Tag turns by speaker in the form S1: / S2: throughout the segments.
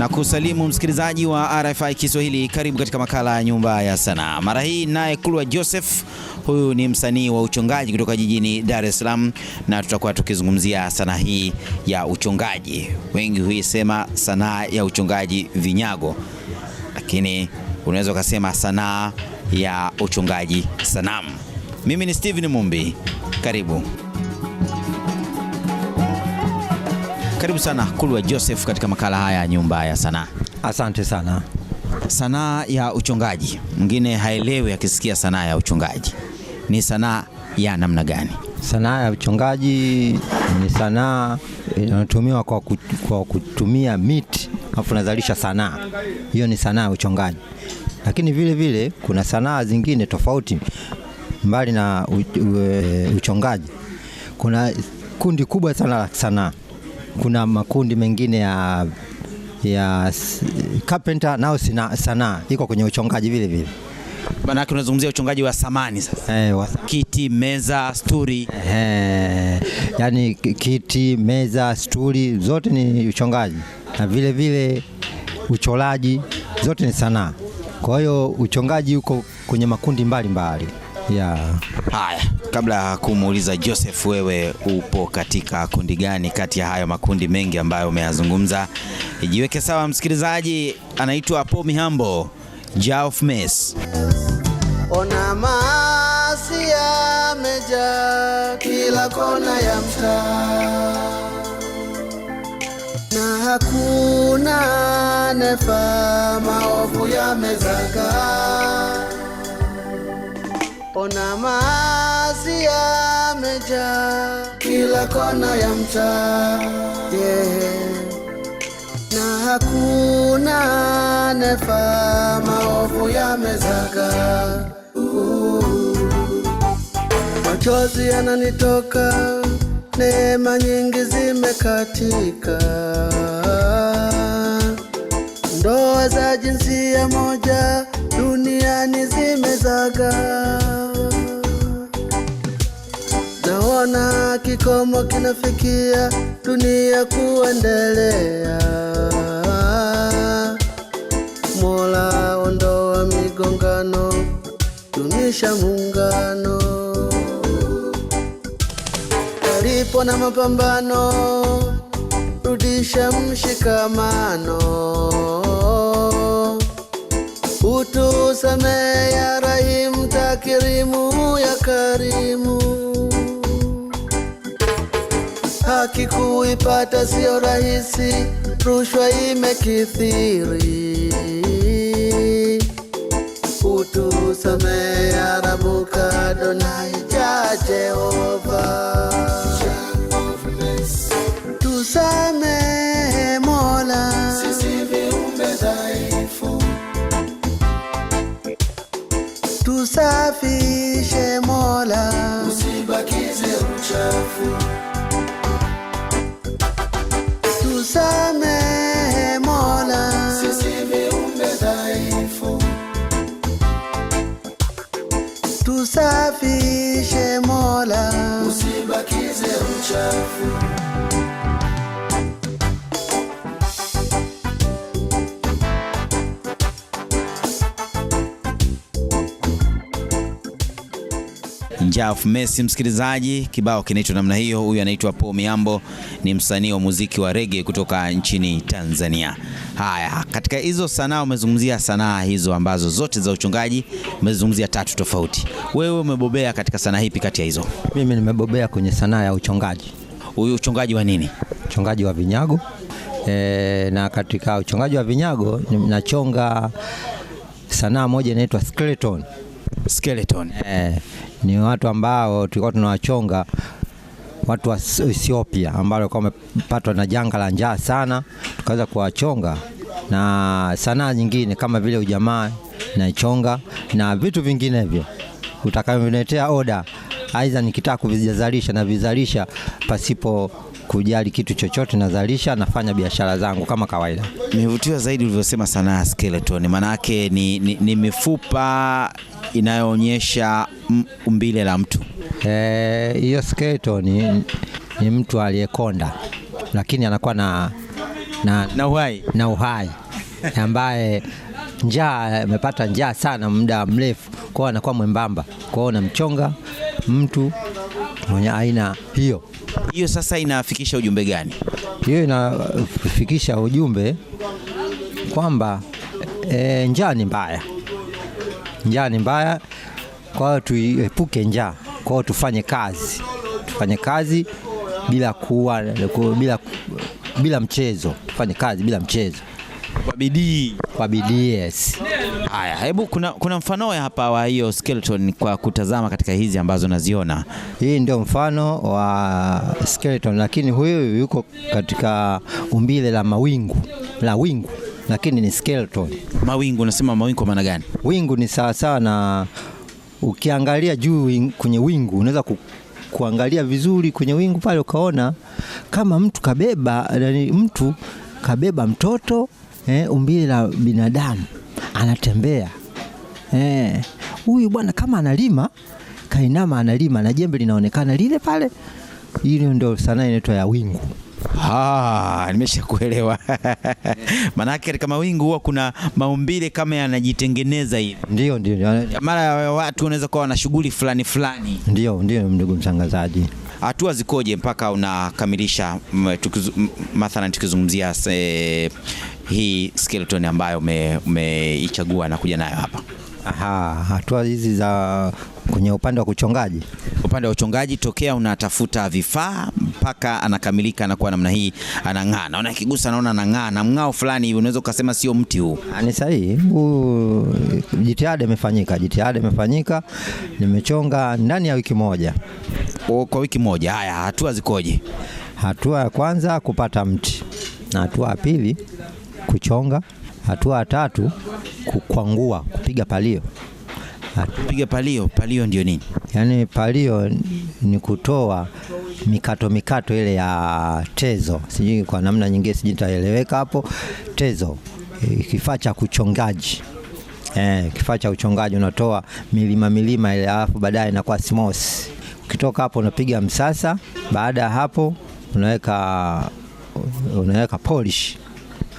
S1: na kusalimu msikilizaji wa RFI Kiswahili. Karibu katika makala ya nyumba ya sanaa. Mara hii naye Kulwa Joseph, huyu ni msanii wa uchongaji kutoka jijini Dar es Salaam, na tutakuwa tukizungumzia sanaa hii ya uchongaji. Wengi huisema sanaa ya uchongaji vinyago, lakini unaweza ukasema sanaa ya uchongaji sanamu. Mimi ni Steven Mumbi, karibu. Karibu sana Kulwa Joseph katika makala haya ya Nyumba ya Sanaa.
S2: Asante sana.
S1: Sanaa ya uchongaji, mwingine haelewi akisikia sanaa ya uchongaji, ni sanaa ya namna gani?
S2: Sanaa ya uchongaji ni sanaa inayotumiwa kwa, kwa kutumia miti afu nazalisha sanaa. Hiyo ni sanaa ya uchongaji, lakini vile vile kuna sanaa zingine tofauti mbali na u, u, u, e, uchongaji. Kuna kundi kubwa sana la sanaa kuna makundi mengine ya ya carpenter nao sanaa iko kwenye uchongaji vile vile.
S1: yake unazungumzia uchongaji wa samani sasa.
S2: Eh, wa kiti, meza, stuli. Eh, yani kiti, meza, sturi zote ni uchongaji na vile vile uchoraji zote ni sanaa. Kwa hiyo uchongaji uko kwenye makundi mbalimbali mbali yeah.
S1: Haya, kabla ya kumuuliza Joseph, wewe upo katika kundi gani kati ya hayo makundi mengi ambayo umeyazungumza? jiweke sawa msikilizaji, anaitwa Paul Mihambo Jaof Mess. Ona maasi yamejaa kila kona ya mtaa na hakuna nefa, maovu yamezagaa ona maasi yamejaa kila kona ya mtaa yeah. na hakuna nefa, maovu yamezaga machozi yananitoka, neema nyingi zimekatika ndoa za jinsia moja duniani zimezaga. Naona kikomo kinafikia, dunia kuendelea. Mola ondoa migongano, dumisha muungano. Palipo na mapambano, rudisha mshikamano. Utusamehe ya Rahimu, takirimu ya Karimu haki kuipata sio rahisi, rushwa imekithiri. Utusamehe ya Rabuka Donai ja Jehova, tusamehe Mola, sisi viumbe dhaifu, tusafishe Mola, usibakize uchafu shuffle Mkia Messi. msikilizaji. Kibao kinaitwa namna hiyo. Huyu anaitwa po Miambo, ni msanii wa muziki wa rege kutoka nchini Tanzania. Haya, katika hizo sanaa umezungumzia sanaa hizo ambazo zote za uchungaji, umezungumzia tatu tofauti. Wewe umebobea katika sanaa hipi kati ya hizo?
S2: Mimi nimebobea kwenye sanaa ya uchongaji.
S1: Huyu uchongaji wa nini?
S2: Uchongaji wa vinyago e, na katika uchongaji wa vinyago nachonga sanaa moja inaitwa skeleton
S1: Skeleton.
S2: Eh, ni watu ambao tulikuwa tunawachonga watu wa Ethiopia ambao walikuwa wamepatwa na janga la njaa sana, tukaweza kuwachonga na sanaa nyingine kama vile ujamaa na chonga na vitu vinginevyo utakavyoniletea oda, aidha nikitaka kuvizalisha na vizalisha pasipo kujali kitu chochote, nazalisha nafanya biashara zangu kama kawaida.
S1: Nimevutiwa zaidi ulivyosema sanaa skeleton, maana yake ni, ni, ni mifupa inayoonyesha umbile la mtu
S2: eh, hiyo. E, skeleton ni, ni mtu aliyekonda lakini anakuwa na,
S1: na, na uhai,
S2: na uhai ambaye njaa amepata njaa sana muda mrefu, kwao anakuwa mwembamba, kwao unamchonga mtu mwenye aina hiyo
S1: hiyo. Sasa inafikisha ujumbe gani
S2: hiyo? Inafikisha ujumbe kwamba e, njaa ni mbaya njaa ni mbaya, kwa hiyo tuepuke njaa, kwa hiyo tufanye kazi, tufanye kazi bila kuwa bila, bila mchezo, tufanye kazi bila mchezo
S1: kwa bidii
S2: kwa bidii yes.
S1: Haya, hebu kuna, kuna mfano hapa wa hiyo skeleton kwa kutazama katika hizi ambazo naziona.
S2: Hii ndio mfano wa skeleton, lakini huyu yuko katika umbile la mawingu la wingu lakini ni skeleton.
S1: Mawingu unasema mawingu kwa maana gani?
S2: Wingu ni sawasawa na ukiangalia juu kwenye wingu unaweza ku, kuangalia vizuri kwenye wingu pale ukaona kama mtu kabeba, yani mtu kabeba mtoto eh, umbile la binadamu anatembea eh, huyu eh, bwana kama analima kainama analima na jembe linaonekana lile pale. Hiyo ndio sanaa inaitwa ya wingu.
S1: Ah, nimeshakuelewa. Maanake katika mawingu huwa kuna maumbile kama yanajitengeneza hivi.
S2: Ndio, ndio.
S1: Mara watu wanaweza kuwa wana shughuli fulani fulani.
S2: Ndio, ndio, ndugu mtangazaji.
S1: Hatua zikoje mpaka unakamilisha mathalan tukizungumzia hii skeleton ambayo umeichagua na kuja nayo hapa?
S2: Aha, hatua hizi za kwenye upande wa kuchongaji,
S1: upande wa uchongaji, tokea unatafuta vifaa mpaka anakamilika anakuwa namna hii, anang'aa. Naona kigusa, naona anang'aa na mng'ao fulani hivi, unaweza ukasema sio mti huu.
S2: Ah, ni sahihi, huu eh, jitihada imefanyika, jitihada imefanyika. Nimechonga ndani ya wiki moja.
S1: O, kwa wiki moja. Haya, hatua zikoje?
S2: Hatua ya kwanza kupata mti, na hatua ya pili kuchonga, hatua ya tatu kukwangua, kupiga palio.
S1: Tupige palio. Palio ndio nini?
S2: Yaani palio ni kutoa mikato mikato ile ya tezo, sijui kwa namna nyingine, sijui taeleweka hapo. Tezo eh, kifaa cha kuchongaji eh, kifaa cha uchongaji, unatoa milima milima ile, alafu baadaye inakuwa smos. Ukitoka hapo unapiga msasa, baada ya hapo unaweka unaweka polish,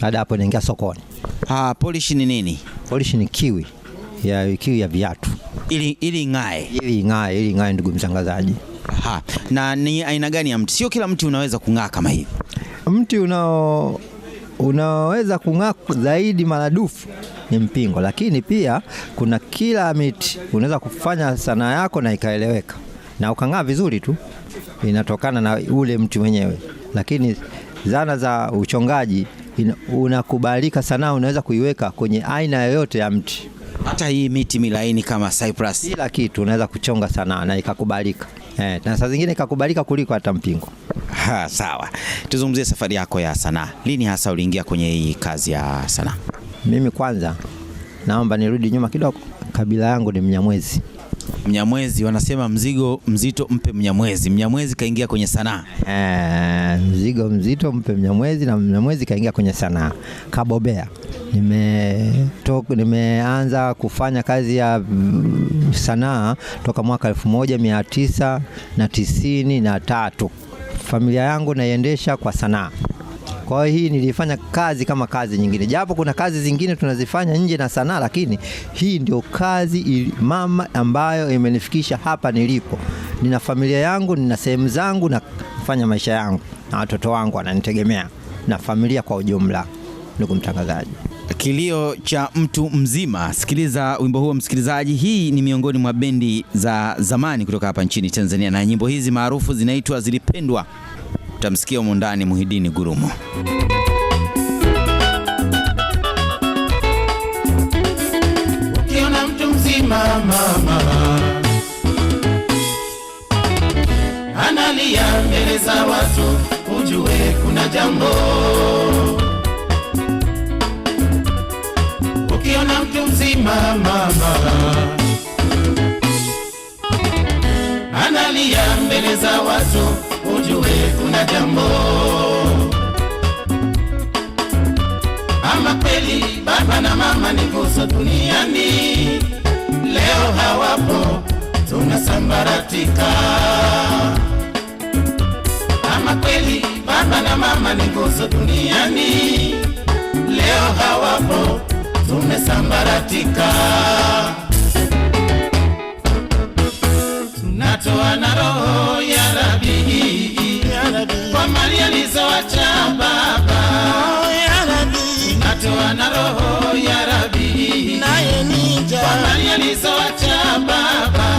S2: baada hapo inaingia sokoni.
S1: Ah, polish ni nini?
S2: Polish ni kiwi ya kiu ya viatu
S1: ili ili ng'ae
S2: ili ng'ae ili ng'ae, ndugu mtangazaji.
S1: Ha, Na ni aina gani ya mti? Sio kila mti unaweza kung'aa kama hivi.
S2: Mti unao unaweza kung'aa zaidi maradufu ni mpingo, lakini pia kuna kila miti unaweza kufanya sanaa yako na ikaeleweka na ukang'aa vizuri tu, inatokana na ule mti mwenyewe. Lakini zana za uchongaji inakubalika, sanaa unaweza kuiweka kwenye aina yoyote ya mti
S1: hata hii miti milaini kama cypress,
S2: kila kitu unaweza kuchonga sana na ikakubalika eh, na saa zingine ikakubalika kuliko hata mpingo.
S1: Ha, sawa, tuzungumzie safari yako ya sanaa. Lini hasa uliingia kwenye hii kazi ya sanaa?
S2: Mimi kwanza naomba nirudi nyuma kidogo, kabila yangu ni Mnyamwezi.
S1: Mnyamwezi wanasema mzigo mzito mpe Mnyamwezi. Mnyamwezi kaingia kwenye sanaa
S2: eh, mzigo mzito mpe Mnyamwezi na Mnyamwezi kaingia kwenye sanaa kabobea. Nimetoka, nimeanza kufanya kazi ya sanaa toka mwaka elfu moja mia tisa na tisini na tatu. Familia yangu naiendesha kwa sanaa. Kwa hiyo hii nilifanya kazi kama kazi nyingine, japo kuna kazi zingine tunazifanya nje na sanaa, lakini hii ndio kazi mama ambayo imenifikisha hapa nilipo. Nina familia yangu, nina sehemu zangu, na fanya maisha yangu na watoto wangu wananitegemea na familia kwa ujumla. Ndugu mtangazaji,
S1: kilio cha mtu mzima. Sikiliza wimbo huo msikilizaji. Hii ni miongoni mwa bendi za zamani kutoka hapa nchini Tanzania, na nyimbo hizi maarufu zinaitwa zilipendwa Utamsikia humu ndani Muhidini Gurumo. Ukiona mtu mzima mama analia mbele za watu, ujue kuna jambo. Ukiona mtu mzima mama analia mbele za watu jambo. Ama kweli baba na mama ni nguzo duniani, leo hawapo, tunasambaratika. Ama kweli baba na mama ni nguzo duniani, leo hawapo, tumesambaratika. Tunatoa na roho yalizoacha Baba, natoa na roho ya Rabi, kwa mali yalizoacha Baba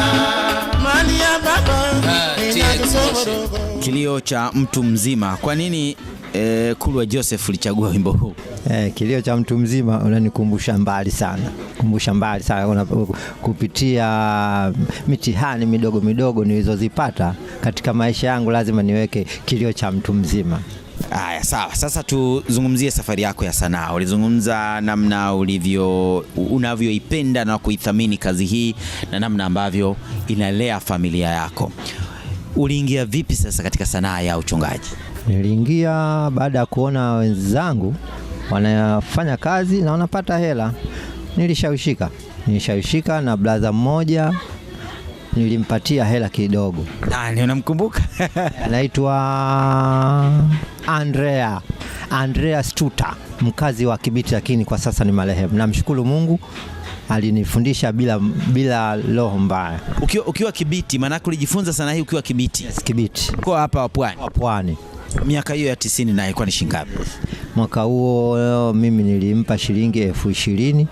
S1: kilio cha mtu mzima. Kwa nini eh, Kulwa Joseph ulichagua wimbo huu?
S2: Eh, kilio cha mtu mzima unanikumbusha mbali sana, kumbusha mbali sana una, kupitia mitihani midogo midogo nilizozipata katika maisha yangu, lazima niweke kilio cha mtu mzima.
S1: Haya, sawa. Sasa tuzungumzie safari yako ya sanaa. Ulizungumza namna ulivyo unavyoipenda na kuithamini kazi hii na namna ambavyo inalea familia yako. Uliingia vipi sasa katika sanaa ya uchungaji
S2: Niliingia baada ya kuona wenzangu wanafanya kazi na wanapata hela, nilishawishika nilishawishika na blaza mmoja nilimpatia hela kidogo.
S1: Nani unamkumbuka?
S2: Anaitwa Andrea andrea stuta mkazi wa Kibiti, lakini kwa sasa ni marehemu. Namshukuru Mungu alinifundisha bila, bila roho mbaya.
S1: Ukiwa, ukiwa Kibiti maanake ulijifunza sana hii ukiwa Kibiti?
S2: Yes, Kibiti.
S1: Kwa hapa wa Pwani. Wa Pwani. Miaka hiyo ya tisini na ilikuwa ni shilingi ngapi?
S2: Mwaka huo eh, mimi nilimpa shilingi elfu ishirini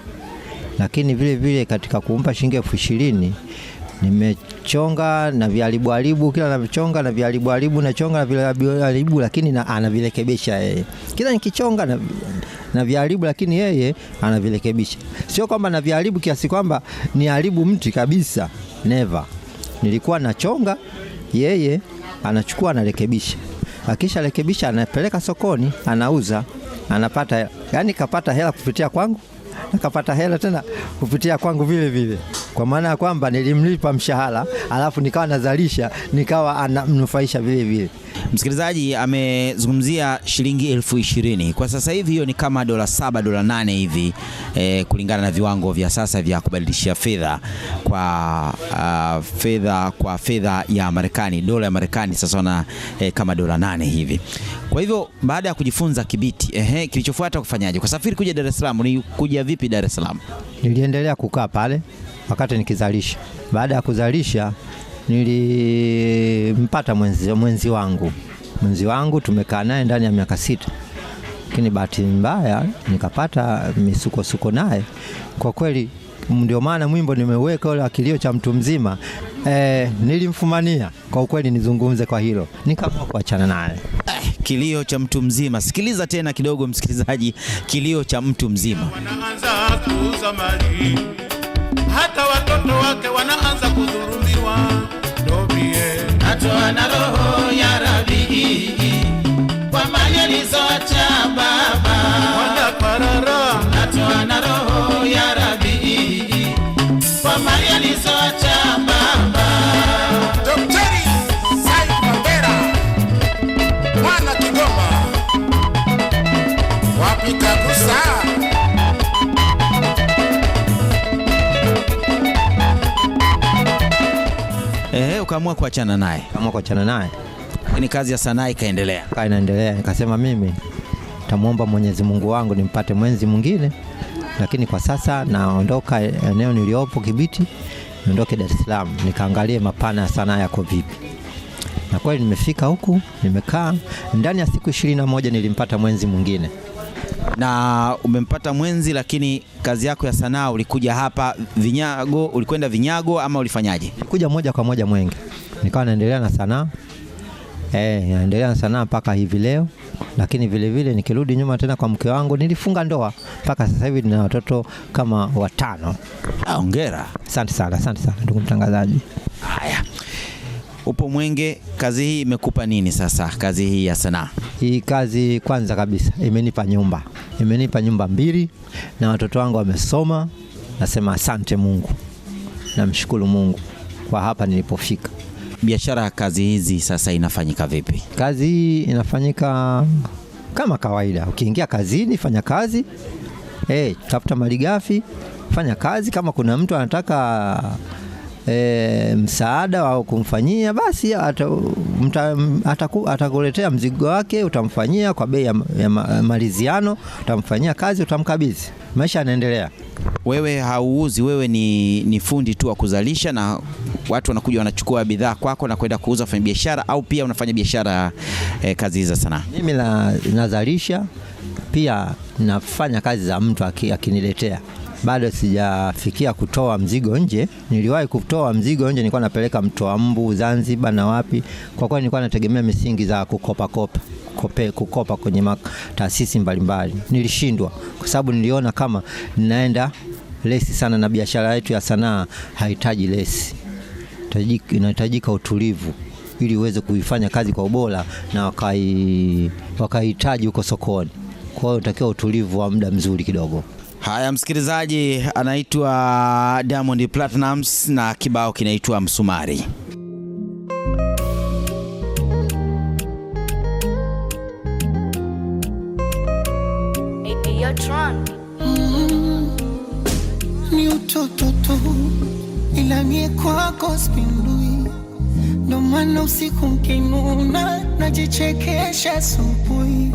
S2: lakini vile vile katika kumpa shilingi elfu ishirini nimechonga na viharibu kila navichonga na viharibu nachonga na viharibu haribu, lakini na anavirekebisha yeye. Kila nikichonga na na viharibu, lakini yeye anavirekebisha. Sio kwamba na kiasi kwamba ni haribu mti kabisa, never. Nilikuwa nachonga, yeye anachukua anarekebisha, akisha rekebisha anapeleka sokoni, anauza, anapata, yani kapata hela kupitia kwangu, akapata hela tena kupitia kwangu vile vile kwa maana ya kwamba nilimlipa mshahara alafu nikawa nazalisha nikawa anamnufaisha vile vile.
S1: Msikilizaji amezungumzia shilingi elfu ishirini kwa sasa hivi, hiyo ni kama dola saba dola nane hivi e, kulingana na viwango vya sasa vya kubadilishia fedha kwa uh, fedha kwa fedha ya Marekani, dola ya Marekani sasa na e, kama dola nane hivi. Kwa hivyo baada ya kujifunza Kibiti, ehe, kilichofuata kufanyaje? kwa safiri kuja Dar es Salaam, ni kuja vipi Dar es Salaam?
S2: Niliendelea kukaa pale wakati nikizalisha. Baada ya kuzalisha, nilimpata mwenzi, mwenzi wangu mwenzi wangu tumekaa naye ndani ya miaka sita, lakini bahati mbaya nikapata misukosuko naye kwa kweli. Ndio maana mwimbo nimeuweka ule kilio cha mtu mzima. E, nilimfumania kwa ukweli, nizungumze kwa hilo, nikaamua kuachana naye.
S1: Eh, kilio cha mtu mzima. Sikiliza tena kidogo, msikilizaji, kilio cha mtu mzima hata watoto wake wanaanza kudhulumiwa. Dobie natoa na roho ya Rabii kwa mali alizoacha baba wanaparara ukaamua kuachana naye?
S2: Kaamua kuachana naye,
S1: ni kazi ya sanaa ikaendelea,
S2: kaa inaendelea. Nikasema mimi tamwomba Mwenyezi Mungu wangu nimpate mwenzi mwingine, lakini kwa sasa naondoka eneo niliopo Kibiti, niondoke Dar es Salaam nikaangalie mapana ya sanaa yako vipi. Na kweli nimefika huku, nimekaa ndani ya siku ishirini na moja nilimpata mwenzi mwingine
S1: na umempata mwenzi, lakini kazi yako ya sanaa ulikuja hapa Vinyago, ulikwenda Vinyago ama ulifanyaje?
S2: kuja moja kwa moja Mwenge nikawa naendelea na sanaa eh, naendelea na sanaa mpaka hivi leo, lakini vilevile vile, nikirudi nyuma tena kwa mke wangu nilifunga ndoa mpaka sasa hivi nina watoto kama watano.
S1: Ah, hongera.
S2: Asante sana, asante sana ndugu mtangazaji.
S1: Haya, upo Mwenge, kazi hii imekupa nini sasa? Kazi hii ya sanaa
S2: hii kazi, kwanza kabisa, imenipa nyumba, imenipa nyumba mbili na watoto wangu wamesoma. Nasema asante Mungu, namshukuru Mungu kwa hapa nilipofika
S1: biashara ya kazi hizi sasa inafanyika vipi?
S2: Kazi hii inafanyika kama kawaida, ukiingia kazini fanya kazi eh, hey, tafuta malighafi fanya kazi. Kama kuna mtu anataka e, msaada wa kumfanyia basi atakuletea ata, ata mzigo wake, utamfanyia kwa bei ya, ya maliziano, utamfanyia kazi, utamkabidhi, maisha yanaendelea.
S1: Wewe hauuzi, wewe ni, ni fundi tu wa kuzalisha, na watu wanakuja wanachukua bidhaa kwako na kwenda kuuza kufanya biashara, au pia unafanya biashara e, kazi za sanaa?
S2: Mimi na, nazalisha pia nafanya kazi za mtu akiniletea aki bado sijafikia kutoa mzigo nje. Niliwahi kutoa mzigo nje, nilikuwa napeleka mtoa mbu Zanzibar na wapi, kwa kweli nilikuwa nategemea misingi za kukopa kopa kope, kukopa kwenye taasisi mbalimbali. Nilishindwa kwa sababu niliona kama ninaenda lesi sana, na biashara yetu ya sanaa hahitaji lesi, inahitajika utulivu ili uweze kuifanya kazi kwa ubora na wakahitaji waka huko sokoni. Kwa hiyo utakiwa utulivu wa muda mzuri kidogo.
S1: Haya, msikilizaji, anaitwa Diamond Platnumz na kibao kinaitwa Msumari. Mm, ni utoto tu ila mie kwako spindui, ndo maana usiku mkinuna najichekesha subuhi,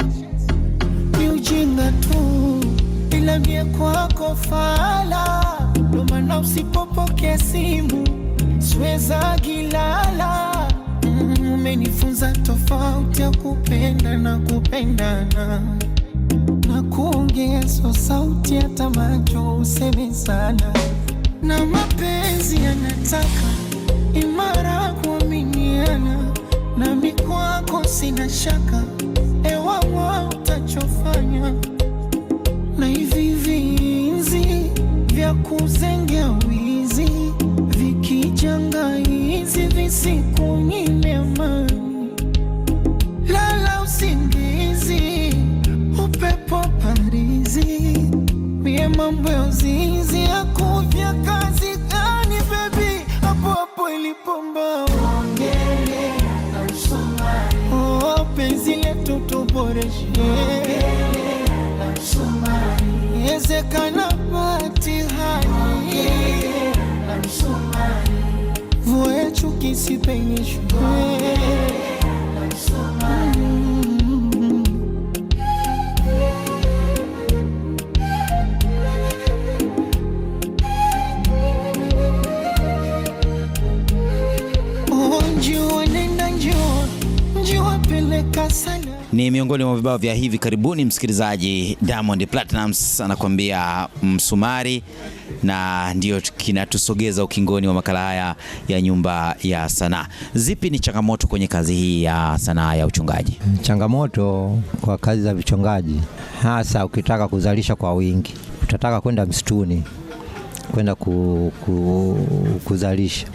S1: ni ujinga tu kila mie kwako fala, ndo maana usipopokea simu siweza gilala. Mm-hmm, umenifunza mm, tofauti ya kupenda na kupendana na kuongezwa sauti, hata macho useme sana, na mapenzi yanataka imara kuaminiana, nami kwako sina shaka, ewawa utachofanya na hivi viinzi vya kuzengea wizi, vikijanga vikijangaizi visikunyime amani, lala usingizi, upepo parizi, mie mambo ya uzinzi yakuvya kazi gani bebi, hapo hapo ilipomba oh, penzi letu tuboreshe Yawezekana matihani vue chuki sipenyeshwe oh, Njua nenda njua, njua peleka sana ni miongoni mwa vibao vya hivi karibuni, msikilizaji. Diamond Platnumz anakuambia msumari, na ndio kinatusogeza ukingoni wa makala haya ya nyumba ya sanaa. Zipi ni changamoto kwenye kazi hii ya sanaa ya uchongaji?
S2: Changamoto kwa kazi za vichongaji, hasa ukitaka kuzalisha kwa wingi, utataka kwenda msituni kwenda ku, ku, kuzalisha,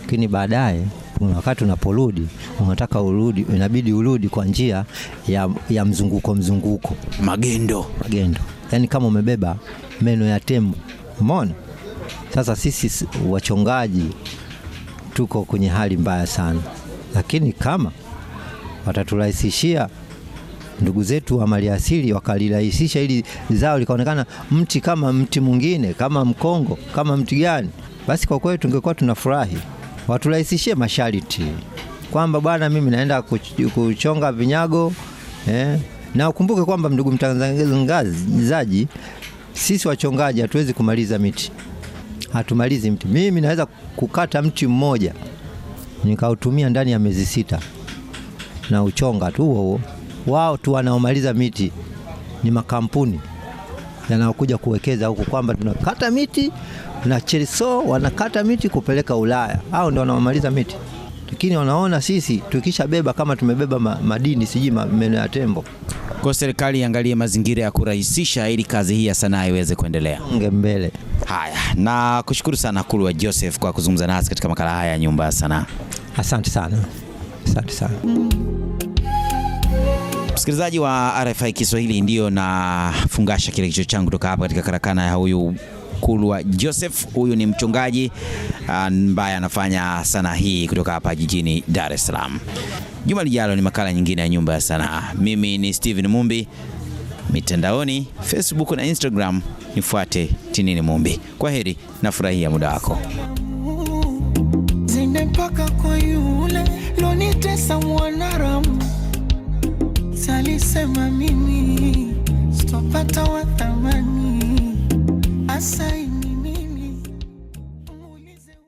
S2: lakini baadaye wakati unaporudi unataka urudi, inabidi urudi kwa njia ya, ya mzunguko mzunguko,
S1: magendo
S2: magendo, yaani kama umebeba meno ya tembo. Umeona, sasa sisi wachongaji tuko kwenye hali mbaya sana, lakini kama wataturahisishia ndugu zetu wa asili wakalirahisisha, ili zao likaonekana mti kama mti mwingine, kama mkongo, kama mti gani, basi kwa kweli tungekuwa tunafurahi waturahisishie masharti kwamba bwana, mimi naenda kuchonga vinyago eh. Na ukumbuke kwamba ndugu mtangazaji, sisi wachongaji hatuwezi kumaliza miti, hatumalizi mti. Mimi naweza kukata mti mmoja nikautumia ndani ya miezi sita na uchonga tu huo. Wao tu wanaomaliza miti ni makampuni yanayokuja kuwekeza huku, kwamba tunakata miti na chelso wanakata miti kupeleka Ulaya, hao ndio wanaomaliza miti. Lakini wanaona sisi tukishabeba kama tumebeba ma, madini sijui meno ya tembo.
S1: Kwa serikali iangalie mazingira ya kurahisisha ili kazi hii ya sanaa iweze kuendelea. Songe mbele. Haya, na kushukuru sana Kulwa Joseph kwa kuzungumza nasi katika makala haya ya Nyumba ya Sanaa.
S2: Asante sana, asante sana.
S1: Msikilizaji wa RFI Kiswahili, ndiyo nafungasha kile kichwa changu kutoka hapa katika karakana ya huyu Kulwa Joseph. Huyu ni mchungaji ah, ambaye anafanya sanaa hii kutoka hapa jijini Dar es Salaam. Juma lijalo ni makala nyingine ya Nyumba ya Sanaa. Mimi ni Steven Mumbi, mitandaoni Facebook na Instagram nifuate Tinini Mumbi. Kwa heri, nafurahia muda wako kwa yule lonitesa salisema mimi sitopata thamani I say